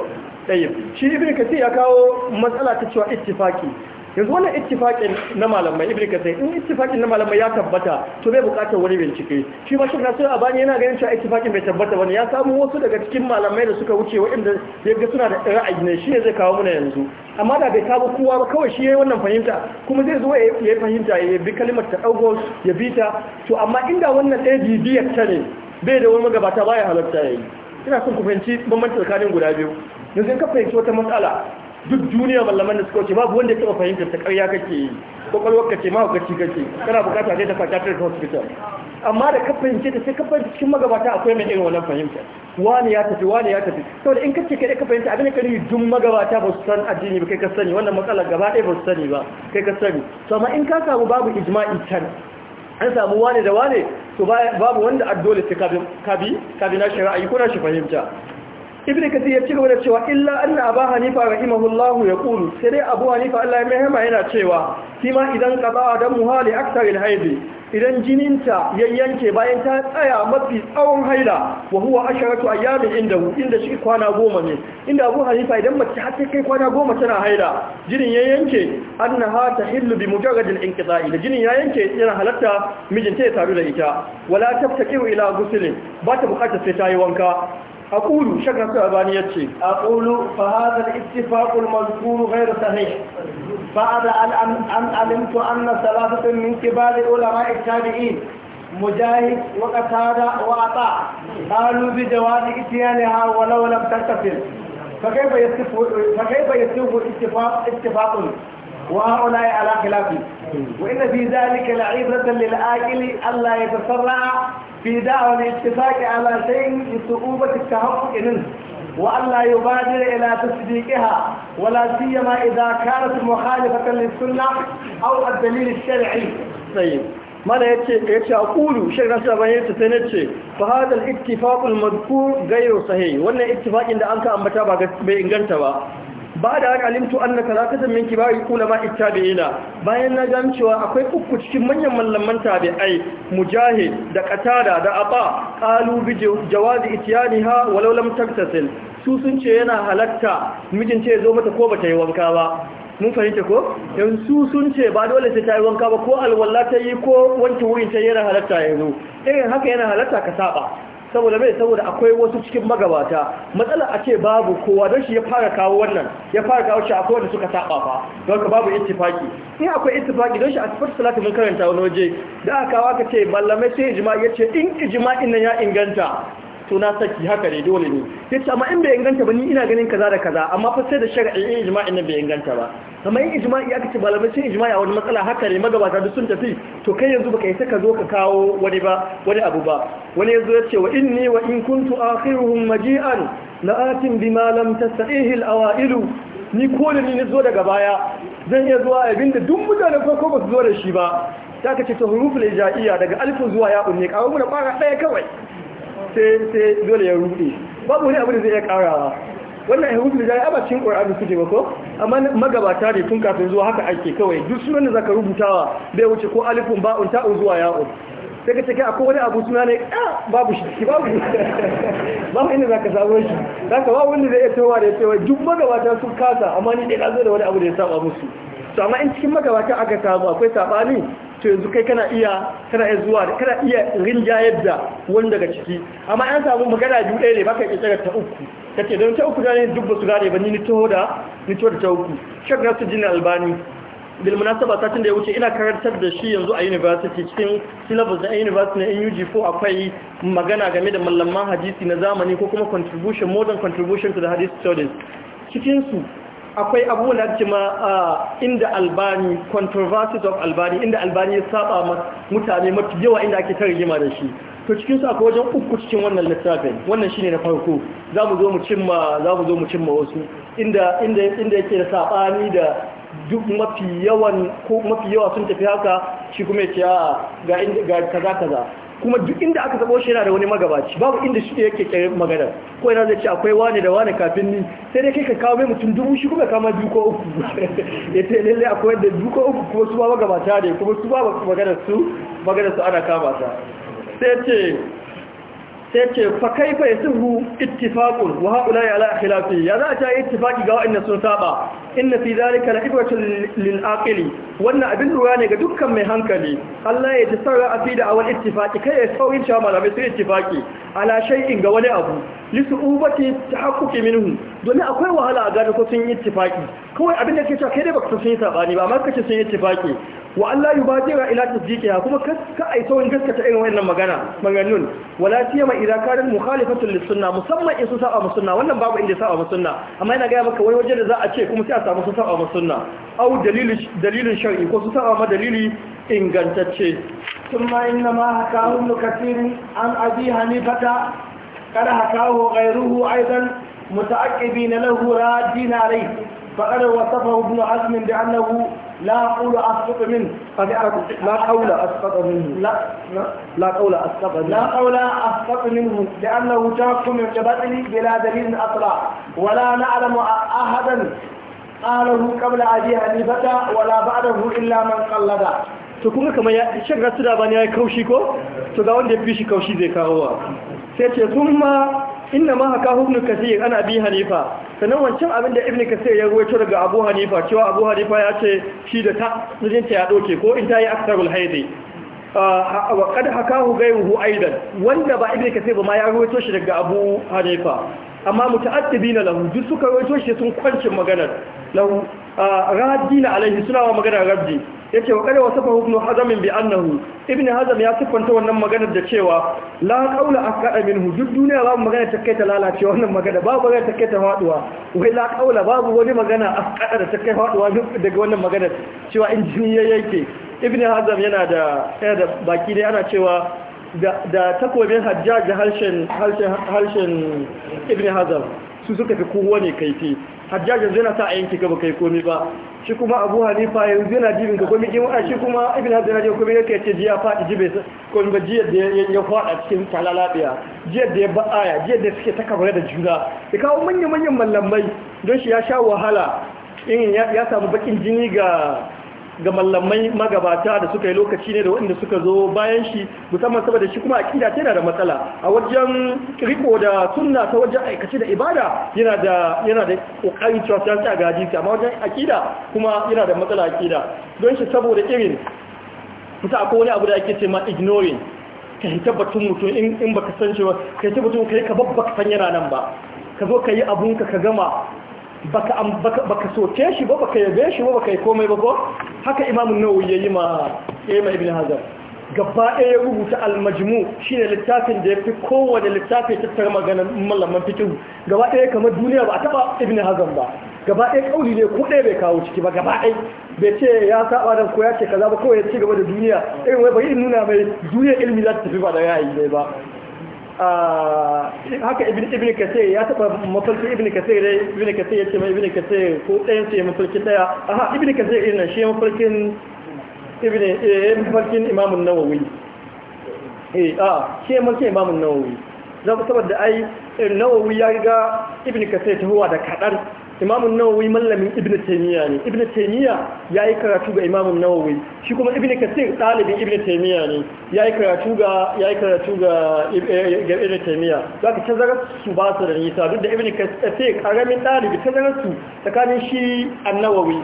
ɗaya shi ibn kathir ya kawo matsala ta cewa ittifaki yanzu wannan ittifaqin na malamai ibnu kasai in ittifaqin na malamai ya tabbata to bai bukatar wani bincike shi ba shin nasir abani yana ganin cewa ittifaqin bai tabbata bane ya samu wasu daga cikin malamai da suka wuce waɗanda ga suna da ra'ayi ne shine zai kawo muna yanzu amma da bai kawo kowa ba kawai shi yayi wannan fahimta kuma zai zo ya fahimta ya bi kalmar ta dago ya bita to amma inda wannan ɗaya bibiyar ta ne bai da wani magabata ya halarta ya yi. ina son ku fahimci bambanci tsakanin guda biyu yanzu in ka fahimci wata matsala duk duniya mallaman da suka wuce babu wanda ya taba fahimtar ta karya kake yi kwakwalwar kace mahaukaci kake kana bukata dai ta ga hospital amma da ka fahimce ta sai ka fahimta cikin magabata akwai mai irin wannan fahimta wani ya tafi wani ya tafi saboda in kace kai ka fahimta abin da karibi dun magabata ba su san addini ba kai ka sani wannan matsalar gaba ɗaya ba su sani ba kai ka sani to amma in ka samu babu ijma'i can an samu wane da wane to babu wanda addole sai ka bi ka bi na shari'a ko na shi fahimta ibn kathir ya ci gaba da cewa illa anna abu hanifa rahimahullahu ya kulu sai dai abu hanifa Allah ya rahama yana cewa shi ma idan qada da muhali akthar alhayd idan jininta ya yanke bayan ta tsaya mafi tsawon haila wa huwa asharatu ayyamin inda inda shi kwana goma ne inda abu hanifa idan mace har ta kai kwana goma tana haila jinin ya yanke annaha tahillu bi mujarrad alinqida'i da jinin ya yanke yana halatta mijinta ya taru da ita wala taftakiru ila ghusl ba ta bukata sai ta yi wanka أقول شكرا يتشي أقول فهذا الاتفاق المذكور غير صحيح بعد أن علمت أن ثلاثة من كبار علماء التابعين مجاهد وقتادة وعطاء قالوا بجواز إتيانها ولو لم تتصل فكيف يتفق فكيف يتفق اتفاق اتفاق وهؤلاء على خلافه وإن في ذلك لعبرة للآكل ألا يتسرع في دعوة الاتفاق على شيء بصعوبة التحقق منه وألا يبادر إلى تصديقها ولا سيما إذا كانت مخالفة للسنة أو الدليل الشرعي. طيب mana ya ce ya ce a ƙulu shirin nasu labarai ya tafi na ce fa hada ittifaqul madkur gairu sahih wannan ittifaqin da an ka ambata ba bai inganta ba ba da an alimtu annaka la tatam min kibari ulama ina bayan na gam cewa akwai uku cikin manyan mallaman tabi'ai mujahid da qatada da aba qalu bi jawazi ityaniha walau lam taktasil su sun ce yana halatta mijin ce zo mata ko bata yi wanka ba mun fahimta ko yanzu sun ce ba dole sai ta yi wanka ba ko alwala ta yi ko wanke wurin ta yi yana halatta yanzu irin haka yana halatta ka saba saboda mai saboda akwai wasu cikin magabata matsala a ce babu kowa don shi ya fara kawo wannan ya fara kawo shi akwai wanda suka saba fa don ka babu ittifaki in akwai ittifaki don shi a sifar salatu mun karanta wani waje da aka kawo aka ce mallamai sai ijma'i ya ce in ijma'in nan ya inganta suna na saki haka ne dole ne yace amma in bai inganta ba ni ina ganin kaza da kaza amma fa sai da shari'a in ijma'in nan bai inganta ba amma in ijma'i aka ce malamai sun ijma'i a wani matsala haka ne magabata duk sun tafi to kai yanzu baka yi saka zo ka kawo wani ba wani abu ba wani ya yace wa inni wa in kuntu akhiruhum maji'an la'atin bima lam tasta'ihi al-awailu ni ko ne ni zo daga baya zan iya zuwa abin abinda duk mutane ko ba su zo da shi ba ta ka ce ta hurufin ijaiya daga alifin zuwa ya'un ne kawo muna fara ɗaya kawai sai dole ya rude babu wani abu da zai iya karawa wannan ya huruf da jari abacin ƙwararru suke ba ko amma magabata ne tun kafin zuwa haka ake kawai duk sunan da za zaka rubutawa bai wuce ko alifun ba'un ta'un zuwa ya'un sai ka cike akwai wani abu suna ne ah, babu shi babu [laughs] babu inda ka samu shi ka babu wanda zai iya towa da ya tsaye duk magabata sun kasa amma ni ɗaya zai da wani abu da ya saba musu to amma in cikin magabata aka samu akwai sabani to yanzu kai kana iya kana iya zuwa kana iya rinjayar da wani daga ciki amma an samu magana biyu ɗaya ne baka iya ta uku kace don ta uku gane duk ba su gane ba ni ni da ni da ta uku shek ta jin albani bil munasaba satin da ya wuce ina karantar da shi yanzu a university cikin syllabus na university na UG4 akwai magana game da mallaman hadisi na zamani ko kuma contribution modern contribution to the hadith studies cikin su akwai abu na cima inda albani controversies of albani inda albani ya saba mutane mafi yawa inda ake tara rigima da shi to cikin su akwai wajen uku cikin wannan littafin wannan shine na farko za mu zo mu cimma za mu zo mu cimma wasu inda inda inda yake da sabani da duk mafi yawan ko mafi yawa sun tafi haka shi kuma ya ce ga inda ga kaza kaza kuma duk inda aka sabo shi yana da wani magabaci babu inda shi yake kare magana ko yana zai ce akwai wani da wani kafin ni sai dai kai ka kawo mai mutum dubu shi kuma kama duko uku [laughs] ya ce lalle akwai da duko uku kuma su ba magabata ne kuma su ba magana su magana su ana kama ta sai ce sai ce fa kaifa yasihu ittifaqun wa haula ya la khilafi ya za ta ittifaqi ga wa'annan sun saba inna fi zalika la'ibratun lil aqili wannan abin ruwa ne ga dukkan mai hankali Allah ya tsara fi da awal ittifaqi kai ya saurin cewa malamai sun ittifaqi ala shay'in ga wani abu li su'ubati tahaqquqi minhu domin akwai wahala a gane ko sun ittifaqi kawai abin da ke cewa kai dai baka sun yi sabani ba amma kace sun ittifaqi wa Allah yubadira ila tasdiqiha kuma ka ai saurin gaskata irin wannan magana maganun wala tiyama idan karin mukhalifatul sunna musamman in sun saba mu sunna wannan babu inda saba mu sunna amma ina ga maka wai wajen da za a ce kuma sai a samu sun sunna au dalilin dalilin shar'i ko sun saba ma dalili ingantacce kuma inna ma hakahu kathirin an abi hanifata kada hakahu ghayruhu aidan muta'aqibina na radina alayhi فقد وصفه ابن عزم بأنه لا قول أسقط منه لا قول أسقط منه لا لا قول أسقط منه لا قول أسقط منه لأنه ترك من قبله بلا دليل أطلع ولا نعلم أحدا قاله قبل أبي حنيفة ولا بعده إلا من قلده to kuma kamar ya shan rasu da bani ya yi kaushi ko to ga wanda ya fi shi kaushi zai kawo wa sai ce sun ma inna ma haka ibn kasir ana bi hanifa sanan wancan abin da ibn kasir ya ruwaito daga abu hanifa cewa abu hanifa ya ce shi da ta ta ya doke ko in ta yi aksarul haidi ah, wa kad hakahu ghayruhu aidan wanda ba ibn kasir ba ma ya ruwaito shi daga abu hanifa amma muta'addibina lahu duk suka ruwaito shi sun kwancin maganar lahu raddi na alaihi suna wa magana ya yace wa kada wasafa ibn hazm bi annahu ibn Hazam ya siffanta wannan magana da cewa la qawla akada minhu duk duniya babu magana ta kai ta lalace wannan magana babu magana ta kai ta faduwa wai la ƙaula babu wani magana akada da ta kai daga wannan maganar, cewa in injiniya yake ibn Hazam yana da yana da baki dai ana cewa da takobin hajjaj da harshen harshen harshen ibn Hazam, su suka fi kowa kaifi hajjaj yanzu yana sa a yanki gaba kai komai ba shi kuma abu hanifa yanzu yana jibin ka komai in shi kuma ibn hazar yana komai yake ce jiya faɗi jibe komi ba jiya da ya faɗa cikin talalabiya jiya da ya ba'aya jiya da suke takabare da juna ya kawo manya-manyan mallamai don shi ya sha wahala in ya samu bakin jini ga ga mallamai magabata da suka yi lokaci ne da waɗanda suka zo bayan shi musamman saboda shi kuma akida tana da matsala a wajen riko da sunna ta wajen aikace da ibada yana da yana da kokarin cewa ta gaji amma wajen akida kuma yana da matsala akida don shi saboda irin kusa akwai wani abu da ake ce ma ignoring ka yi tabbatun mutum in baka san cewa ka yi tabbatun kai ka babba ka san yana nan ba ka zo ka yi abunka ka gama baka soke shi ba baka yabe shi ba baka yi komai ba ba haka imamun ya yi ma yayi ma ibn hazar gaba ɗaya ya rubuta almajimu shi ne littafin da ya fi kowane littafi tattara maganar mallaman fiqh gaba ɗaya kamar duniya ba a taba ibn hazar ba gaba ɗaya kauli ne ko ɗaya bai kawo ciki ba gaba ɗaya bai ce ya saba da ko ya ce kaza ba kawai ya ci gaba da duniya irin wai bai nuna mai duniya ilmi za ta tafi ba da yayi dai ba haka ibn ibn kasir ya taba mafarki ibn kasir dai ibn kasir ya ce mai ibn kasir ko ɗayan su ya mafarki ɗaya aha ibn kasir irin nan shi mafarkin ibn eh mafarkin imamun nawawi eh a shi mafarkin imamun nawawi za saboda ai nawawi ya riga ibn kasir huwa da kaɗan imamun nawawi mallamin ibn taymiya ne ibn taymiya yayi karatu ga imamun nawawi shi kuma ibn kasir dalibin ibn taymiya ne yayi karatu ga yayi karatu ga ibn taymiya zaka zaka su ba su da nisa duk da ibn kasir karamin dalibi zaka su tsakanin shi an-nawawi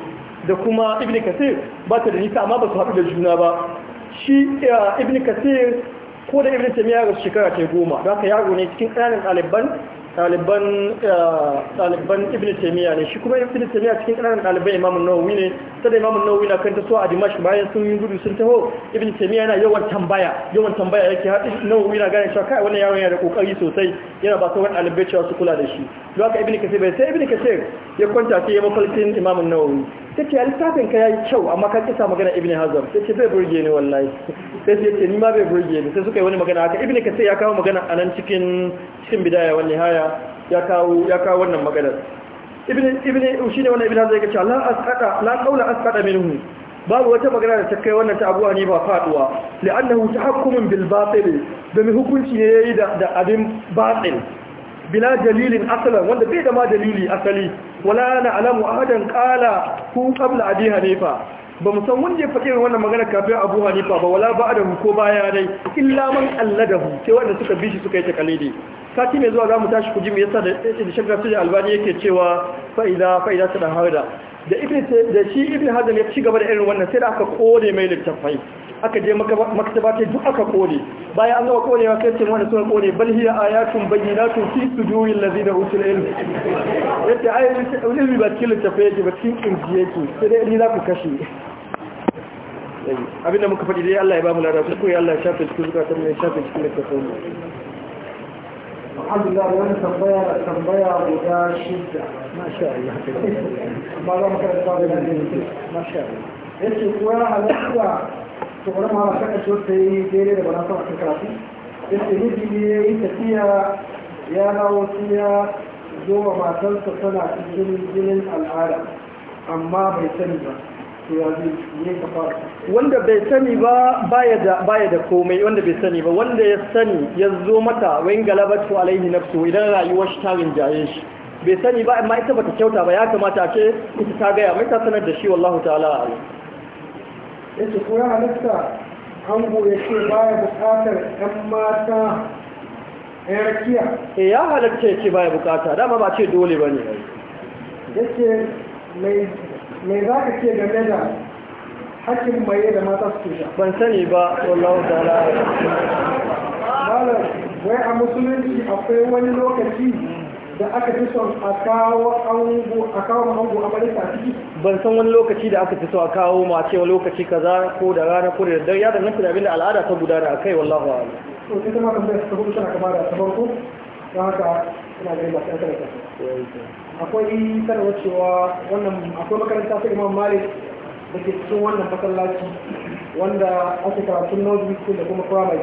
da kuma ibn kasir ba ta da nisa amma ba su haɗu da juna ba shi uh, ibn kasir ko da ibn taymiya ga shekara ta goma zaka yaro ne cikin ƙananan ɗaliban ɗaliban ibn taimiyya ne shi kuma ibn taimiyya cikin ƙananan ɗaliban imamun nawawi ne ta da imamun nawawi na kan so a dimash bayan sun yi gudu sun taho ibn taymiya yana yawan tambaya yawan tambaya yake haɗi nawawi na gane shi kai wannan yaron yana da kokari sosai yana ba sauran alibai cewa su kula da shi to haka ibn kasir bai sai ibn kasir ya kwanta sai ya mafarkin imamun nawawi take ya littafin ka yayi kyau amma ka kisa magana ibn hazm take bai burge ni wallahi sai ce ni ma bai burge ni sai suka yi wani magana haka ibn kasir ya kawo magana anan cikin cikin bidaya wal haya ya kawo ya kawo wannan maganar ibn ibn shine wannan ibn zai kace Allah asqata la qawla asqata minhu babu wata magana da ta kai wannan ta ne ba faduwa li'annahu tahakkumun bil batil domin hukunci ne yayi da abin batil bila dalilin asalan wanda bai da ma dalili asali wala na alamu ahadan qala ku qabla abi hanifa ba mu san wanda ya faɗi wannan magana kafin Abu Hanifa ba wala ba da ko baya dai illa man alladahu sai wanda suka bi shi suka yi takalidi sati mai zuwa za mu tashi ku ji yasa da shakka su da albani yake cewa fa'ida fa'ida ta da harda da ibn da shi ibn hazm ya ci gaba da irin wannan sai da aka kore mai littafai aka je maktaba ta duk aka kore bayan an gama korewa sai ce wanda suka kore bal hiya ayatun bayyinatun fi sujuril ladina utul ilm yace ayi ilmi ba cikin littafai yake ba cikin inji ki, sai dai ni za ku kashe tsayi abinda muka faɗi dai Allah ya ba mu lada sai Allah ya shafe cikin zuka sannan ya shafe cikin da kaso alhamdulillah wani tambaya da tambaya guda shida masha Allah amma za mu karanta da yanzu masha Allah yace ko ya halatta to kuma ma ka kace ta yi daidai da bana sa karatu yace miji ne yi tafiya ya dawo tiya zo wa matarsa tana cikin jinin al'ada amma bai sani ba wanda bai sani ba baya da da komai wanda bai sani ba wanda ya sani ya zo mata wayin galabatu alaihi nafsu idan rayuwar shi ta rinjaye shi bai sani ba amma ita bata kyauta ba ya kamata ce ita ta gaya mai ta sanar da shi wallahu ta'ala a yace ko eh, ya halatta ya ce baya bukatar ɗan mata ɗan rakiya ya halatta ya ce baya bukata dama ba ce dole ba ne yace mai me za ka ce game da hakkin maye da mata su sha ban sani ba wallahu ta'ala malam wai a musulunci akwai wani lokaci da aka fi son a kawo ango a kawo ango a malika ciki ban san wani lokaci da aka fi so a kawo ma cewa lokaci kaza ko da rana ko da dare. ya danganta da abinda al'ada ta gudana akai wallahu a'lam to sai kuma kan da su kuma kamar da farko don haka ina ganin ba sai ka akwai sanarwa cewa wannan akwai makaranta ta imam malik da ke cikin wannan masallaci wanda ake karatun nursery su da kuma primary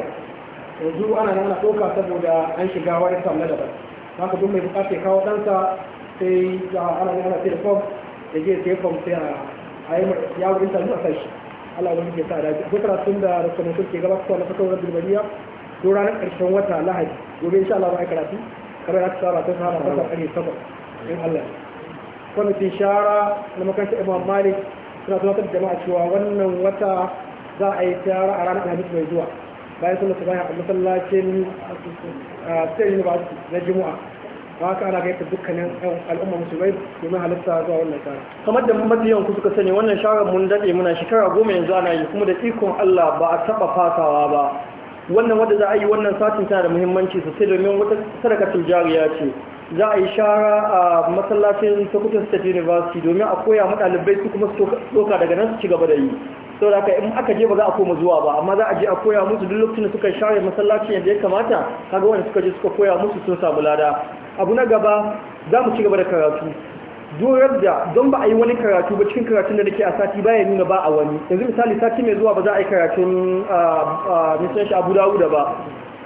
yanzu ana nan ana ɗauka saboda an shiga wani sam na daban haka duk mai bukatar kawo ɗansa sai ana nan ana sai da form da je sai form sai a yi yawon interview zuwa sai shi Allah wani ke sa daji akwai karatun da rasanin ke gabatarwa na fasawar bilbaniya ko ranar ƙarshen wata lahadi gobe insha Allah ba a karatu kamar ya ta saba ta saba ta saba ne saboda in Allah kwamitin shara na makarantar imam malik suna zuwa kan jama'a cewa wannan wata za a yi shara a ranar alhamis mai zuwa bayan sun su bayan a masallacin state university na juma'a ba ka ana gaita dukkanin al'umma musulmai domin halitta zuwa wannan shara kamar da mafi yawan ku suka sani wannan sharar mun daɗe muna shekara goma yanzu ana yi kuma da ikon allah ba a taɓa fasawa ba wannan wanda za a yi wannan satin tana da muhimmanci sosai domin wata sadakatul jariya ce za a yi shara a masallacin Sokoto State University domin a koya ma ɗalibai su kuma su daga nan su ci gaba da yi saboda haka in aka je ba za a koma zuwa ba amma za a je a koya musu duk lokacin da suka share masallacin yadda ya kamata kaga wani suka je suka koya musu sun samu lada abu na gaba za mu ci gaba da karatu doyar da don ba a yi wani karatu ba cikin karatun da nake a sati baya nuna ba a wani yanzu misali sati mai zuwa ba za a yi karatun ah, ah, misalin shi abu dawuda ba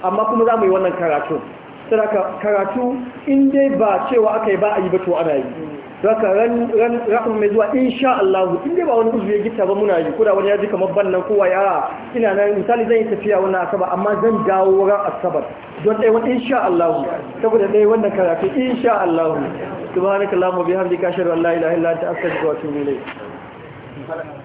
amma kuma za mu yi wannan karatun saraka karatu in dai ba cewa aka yi ba a yi ba to ana yi zaka ran ran mai zuwa insha Allah in dai ba wani uzu ya gita ba muna yi koda wani ya ji kamar ban nan kowa ya ina nan misali zan yi tafiya wannan asaba amma zan dawo ran asabar don ɗaya wani insha Allah saboda ɗaya wannan karatu insha Allah subhanakallahumma bihamdika ashhadu an la ilaha illa anta astaghfiruka wa atubu ilayk